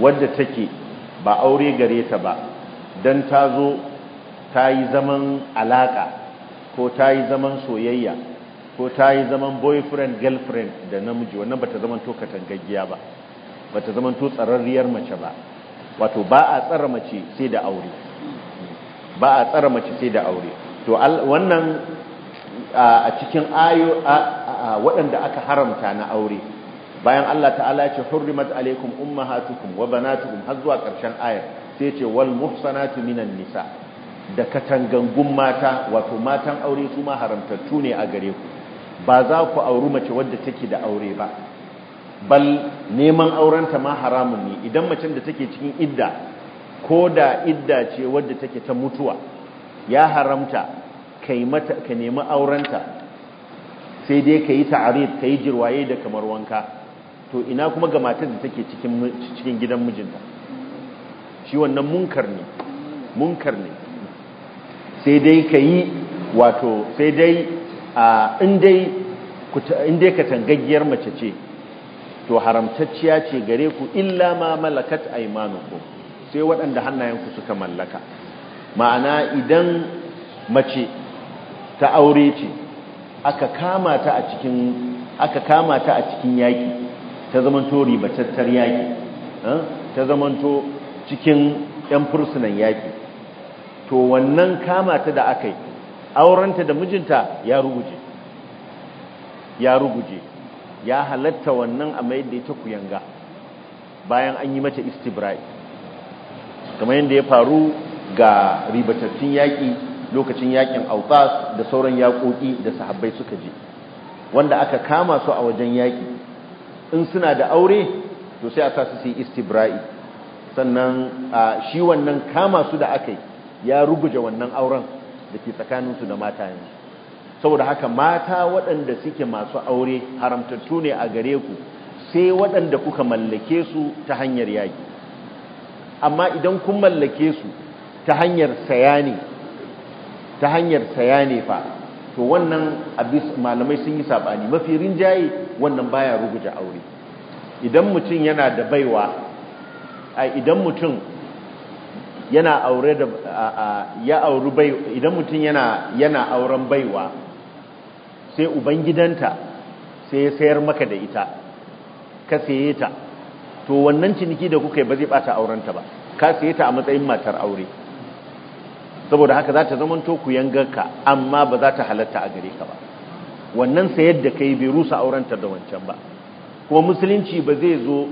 wadda take ba aure gare ta ba don ta zo ta yi zaman alaƙa ko ta yi zaman soyayya ko ta yi zaman boyfriend girlfriend da namiji wannan ba ta zaman to katangaggiya ba ba ta zaman to tsararriyar mace ba wato ba a tsara mace sai da aure ba a tsara mace sai da aure to wannan a cikin ayo waɗanda aka haramta na aure bayan Allah ta'ala ya ce hurrimat alaikum ummahatukum wa banatukum har zuwa ƙarshen ayar sai ya ce wal muhsanatu minan nisa da katangangun mata wato matan aure su ma haramtattu ne a gare ku ba za ku auri mace wadda take da aure ba bal neman aurenta ma haramun ne idan macen da take cikin idda ko da idda ce wadda take ta mutuwa ya haramta ka nemi aurenta sai dai ka yi ta'arid ka yi jirwaye da kamar wanka to ina kuma ga matar da take cikin cikin gidan mijinta shi wannan munkar ne munkar ne sai dai ka yi wato sai dai in dai ka tangaggiyar mace ce to haramtacciya ce gare ku illa ma malakat aymanukum sai waɗanda hannayenku suka mallaka ma'ana idan mace ta aure ce aka kama ta a cikin aka ta cikin yaki ta zamanto ribatattar yaki eh, ta zamanto cikin yan fursunan yaki to wannan kama ta da aka yi aurenta da mijinta ya ruguje ya ruguje ya halatta wannan a mayar da ta kuyanga bayan an yi mata istibra'i kamar yadda ya faru ga ribatattun yaƙi lokacin yakin autas da sauran yaƙoƙi da sahabbai suka je wanda aka kama su a wajen yaƙi in suna da aure to sai a sa su istibra'i sannan shi wannan kama su da aka yi ya ruguje wannan auren da ke tsakaninsu da matayensu saboda haka mata waɗanda suke masu aure haramtattu ne a gare ku sai waɗanda kuka mallake su ta hanyar yaƙi amma idan kun mallake su ta hanyar saya ne ta hanyar saya ne fa to wannan malamai sun yi sabani mafi rinjaye wannan baya rubuta aure idan mutum yana da baiwa a idan mutum yana aure da ya auri bai idan mutum yana yana auren baiwa sai ubangidanta sai ya sayar maka da ita ka saye to wannan ciniki da kuka yi ba zai bata aurenta ba ka saye ta a matsayin matar aure saboda haka za ta zamanto ku yangarka amma ba za ta halatta a gare ka ba wannan sayar da kai bai rusa aurenta da wancan ba kuma musulunci ba zai zo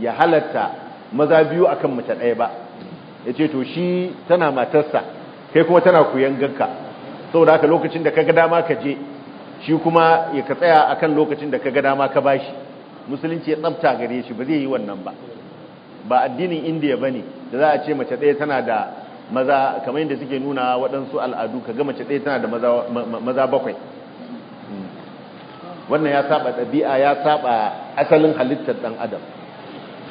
ya halatta maza biyu akan mace ɗaya ba yace to shi tana matarsa kai kuma tana ku yangarka saboda haka lokacin da ka ga dama ka je shi kuma ya ka tsaya akan lokacin da ka ga dama ka bashi musulunci ya tsafta gare shi ba zai yi wannan ba ba addinin indiya ba ne da za a ce mace ɗaya tana da maza kamar yadda suke nuna waɗansu al'adu ka gama ce tana da maza bakwai hmm. wannan ya saba ɗabi'a ya saba asalin halittar ɗan adam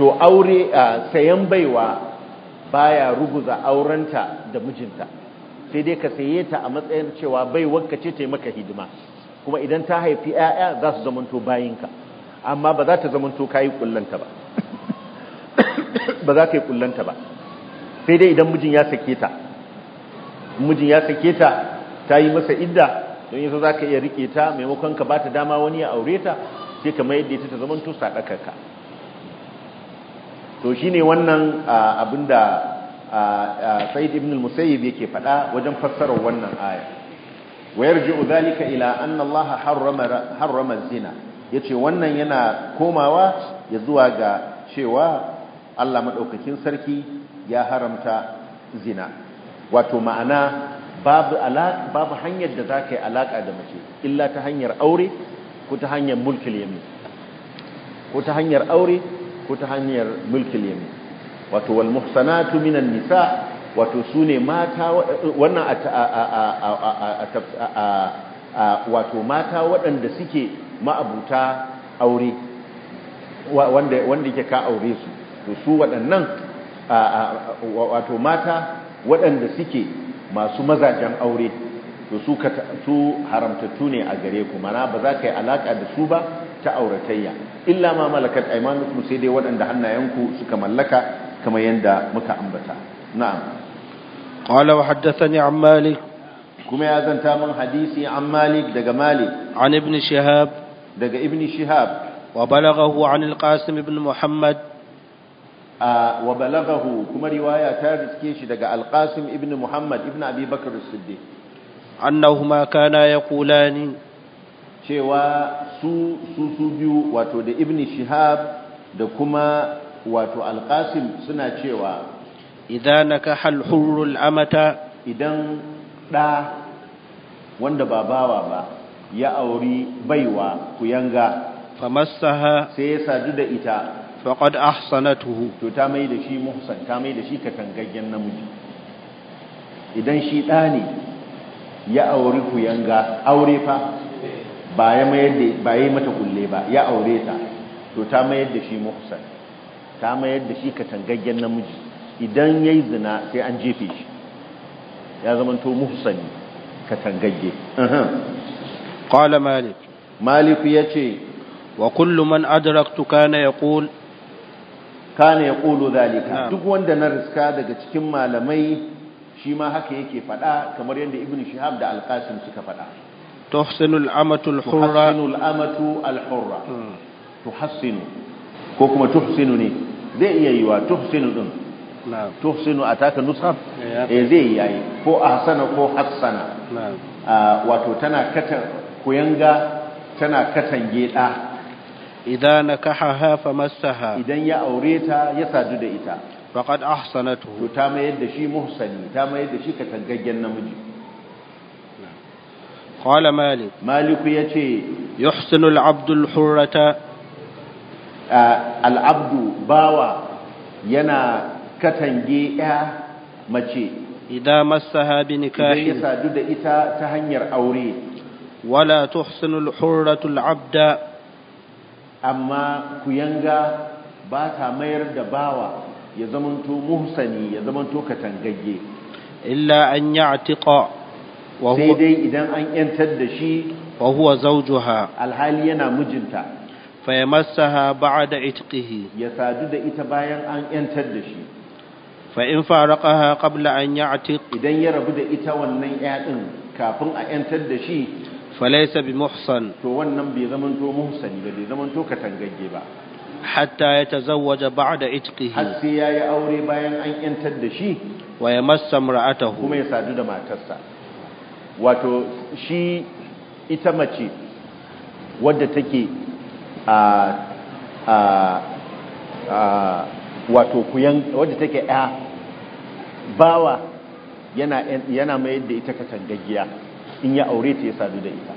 to aure sayan baiwa baya ruguza aurenta da mijinta sai dai ka saye ta a matsayin cewa baiwar ka ce ta maka hidima kuma idan ta haifi 'ya'ya za su zamanto bayinka amma ba za ta zamanto kayi ka yi kullanta ba sai dai idan mijin ya sake ta mijin ya sake ta ta yi masa idda don yanzu za ka iya rike ta maimakon ka ba ta dama wani ya aure ta sai ka mai yadda ita ta zama tusa ɗakarka to shi ne wannan abin da sa'id ibn musayyib yake faɗa wajen fassarar wannan aya wa yarji'u dhalika ila an Allah harrama zina zina yace wannan yana komawa ya zuwa ga cewa Allah maɗaukakin sarki ya haramta zina wato ma'ana babu babu hanyar da ka yi alaka da mace illa ta hanyar aure ko ta hanyar mulkil yami ko ta hanyar aure ko ta hanyar mulkil yami wato wal muhsanatu minan nisa wato sune mata wannan a wato mata waɗanda suke ma'abuta aure wanda yake ka aure su to su waɗannan wato mata waɗanda suke masu mazajen aure to su haramtattu ne a gare ku mana ba za ka yi alaka da su ba ta auratayya illa ma malakat aymanukum sai dai waɗanda hannayenku suka mallaka kamar yadda muka ambata na'am qala wa haddathani an malik kuma ya zanta min hadisi an malik daga malik an ibn shihab daga ibn shihab wa balaghahu an al-qasim ibn muhammad wa balagahu kuma riwaya ta riske shi daga Alƙasim ibn muhammad ibn abi bakr as-siddiq ya kula ni. cewa su su su biyu wato da ibn shihab da kuma wato Alƙasim suna cewa idan ka al amata idan ɗa wanda ba bawa ba ya auri baiwa kuyanga famassaha sai ya sadu da ita faqad ahsanatuhu to ta mai da shi muhsan ta mai da shi katangaggen namiji idan shi ɗa ne ya auri yanga aure fa ba ya mayar da ba yi mata kulle ba ya aure ta to ta mayar da shi muhsan ta mayar da shi katangaggen namiji idan yayi zina sai an jefe shi ya muhsan ka katangagge qala malik malik ce wa kullu man adraktu ya yaqul kana ya ƙulu zalika duk wanda na riska daga cikin malamai shi ma haka yake faɗa kamar yadda ibn shihab da alƙasim suka faɗa Tuhsinu amatu al-hurra Tuhsinu amatu al-hurra hmm. tuhassinu ko kuma tuhsinu ne zai iya yi wa tuhsinu din tuhsinu ataka nusa eh, eh zai iya yi ko ahsana ko hassana ah, wato tana katan kuyanga tana katan da إذا نكحها فمسها إذا يا أوريتا يسادو دا إتا فقد أحسنته تام يد شي محسني تام يد شي كتنججن نمجي قال مالك مالك يتي يحسن العبد الحرة آه العبد باوا ينا كتنجي يا مجي إذا مسها بنكاح إذا يسادو دا إتا تهنير أوري ولا تحسن الحرة العبد amma ku yanga ba ta mayar da bawa ya zamanto muhsani ya zamanto katangagge illa an ya'tiqa wa sai dai idan an yantar da shi wa huwa zawjuha alhali yana mijinta fa yamassaha ba'da itqihi ya sadu da ita bayan an yantar da shi fa in faraqaha qabla an ya'tiq idan ya rabu da ita wannan ya kafin a yantar da shi falaisa bi muhsan to wannan bai zamanto muhsani ba bai zamanto katangagge ba hatta ya tazawwaja ba'da itqihi har sai yi aure bayan an yantar da shi wa yamassa mar'atahu kuma ya sadu da matarsa wato shi ita mace wadda take a a a wato kuyan wadda take ya bawa yana yana mayar da ita katangaggiya in ya aure ta ya sadu da ita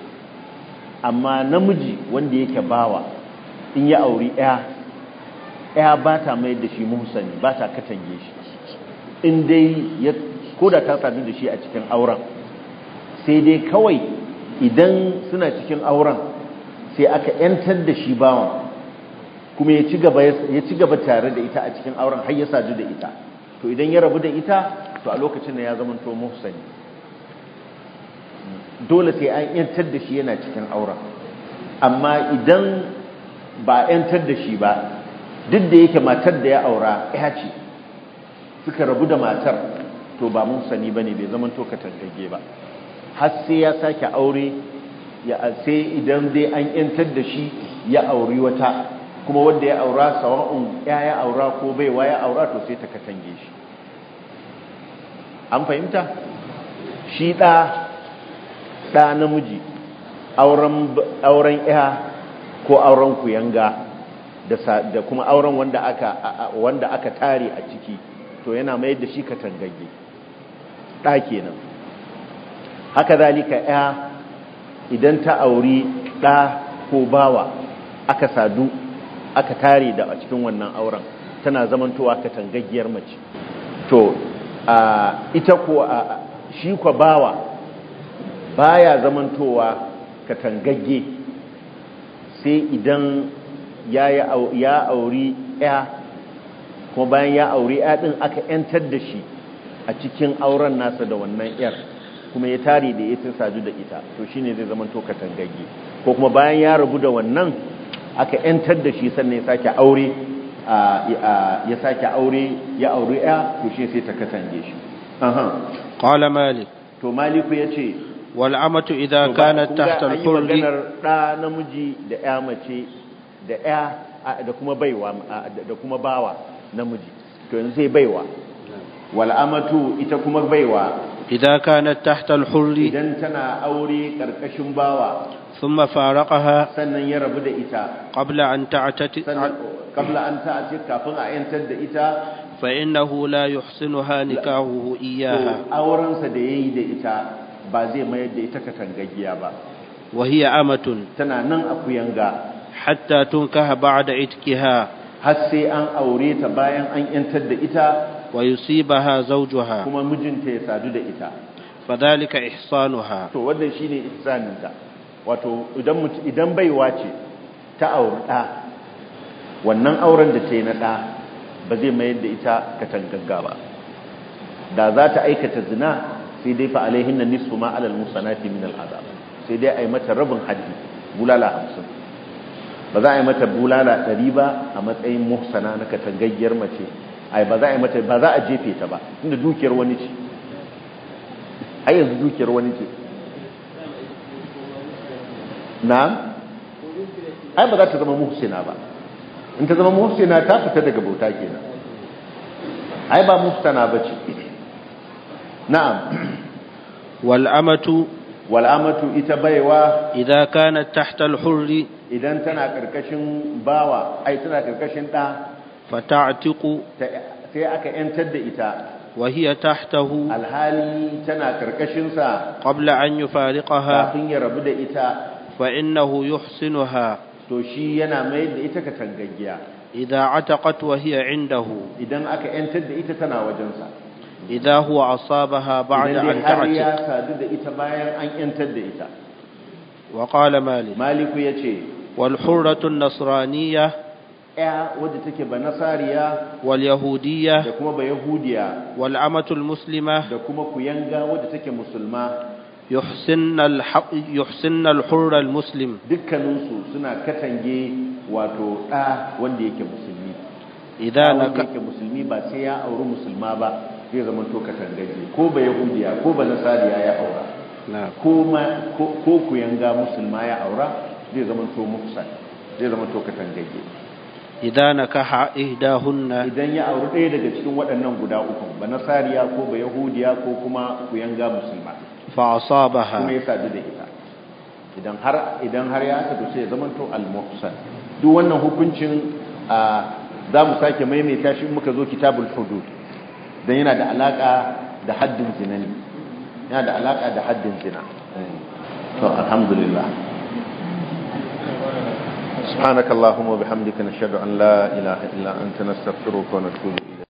amma namiji wanda yake bawa in ya auri ɗaya ɗaya ba ta mai da shi muhsani ba ta katange shi in dai ya koda ta sadu da shi a cikin auren sai dai kawai idan suna cikin auren sai aka yantar da shi bawan kuma ya ci gaba tare da ita a cikin auren har ya sadu da ita to idan ya rabu da ita to a lokacin da ya zama to muhsani dole sai an yantar da shi yana cikin auren amma idan ba yantar da shi ba duk da yake matar da ya aura ya ce suka rabu da matar to ba mun sani ba ne bai zama to katantage ba har sai ya sake aure ya sai idan dai an yantar da shi ya auri wata kuma wanda ya aura sawa'un ya ya aura ko baiwa ya aura to sai ta katange shi an fahimta shi ɗa ɗa namiji auren ya ko auren kuyanga da kuma auren wanda aka tare a ciki to yana mayar da shi katangage ɗa kenan haka zalika ya idan ta auri ɗa ko bawa aka sadu aka tare da a cikin wannan auren tana zamantowa katangagiyar mace to ita ko shi kwa bawa baya zamantowa katangagge sai idan ya auri ya kuma bayan ya auri ya din aka yantar da shi a cikin auren nasa da wannan yar kuma ya tare da ya saju da ita to shine zai zamanto katangagge ko kuma bayan ya rabu da wannan aka yantar da shi sannan ya sake aure ya sake aure ya auri ya to shi sai ta katange shi aha malik to maliku ce. Wal'amatu idan kana tahtar tahta namiji da ya mace da ya da kuma baiwa da kuma bawa namiji to yanzu baiwa ita kuma baiwa idan tana aure karkashin bawa ثم فارقها sannan ya rabu da ita qabla an ta'atati kafin a yantar da ita fa innahu la yuhsinuha nikahuhu iyyaha auransa da yayi da ita ba zai mayar da ita katangagiya ba wahiya amatun tana nan akuyanga hatta tun tunkaha ba'da itkiha har sai an aure ta bayan an yantar da ita wa yusibaha zawjaha kuma mijinta ya sadu da ita fadhalika ihsanuha to wannan shine ihsaninta wato idan idan baiwa ce ta aurda wannan auren da ta yi na ba zai mayar da ita katangagga ba da za ta aikata zina sai dai fa nan nisfu ma alal musanati min al azab sai dai ai mata rabin haddi bulala 50 ba za a yi mata bulala 100 ba a matsayin muhsana na katangaggiyar mace ai ba za a yi mata ba za a jefe ta ba inda dukiyar wani ce ai yanzu dukiyar wani ce na ai ba za ta zama muhsina ba in ta zama muhsina ta fita daga bauta kenan ai ba muhsana ce. na'am wal Wal'amatu ita baiwa idan kanat tahta al hurri idan tana karkashin bawa ai tana karkashin da sai aka yantar da ita وهي تحته الحالي تنا كركشنسا قبل أن يفارقها كافين يربد إتا فإنه يحسنها توشي ينا ميد إتا كتنجيا إذا عتقت وهي عنده إذا أك أنت إتا تنا وجنسا idza huwa asabaha ba'da da ita bayan an yantar da ita wa qala malik maliku yace wal hurratu ya wadda take ba nasariya wal yahudiyya da kuma ba yahudiya wal da kuma kuyanga wadda take musulma yuhsinna al yuhsinna dukkaninsu suna katange wato wanda musulmi idan musulmi ba sai ya auri musulma ba zai zama to katangaje ko ba yahudiya ko ba nasariya ya aura ko ku yanga musulma ya aura zai zama to mufsad zai zama to katangaje idan nakaha ihdahunna idan ya auri ɗaya daga cikin waɗannan guda uku ba nasariya ko ba yahudiya ko kuma ku yanga musulma fa asabaha kuma ya sadu da ita idan har idan har ya ta to sai ya zama to al-muhsan duk wannan hukuncin za mu sake maimaita shi muka zo kitabul hudud dan yana da alaka da haddin zina ne yana da alaka da haddin zina to alhamdulillah سبحانك اللهم وبحمدك نشهد أن لا إله إلا أنت نستغفرك ونتوب إليك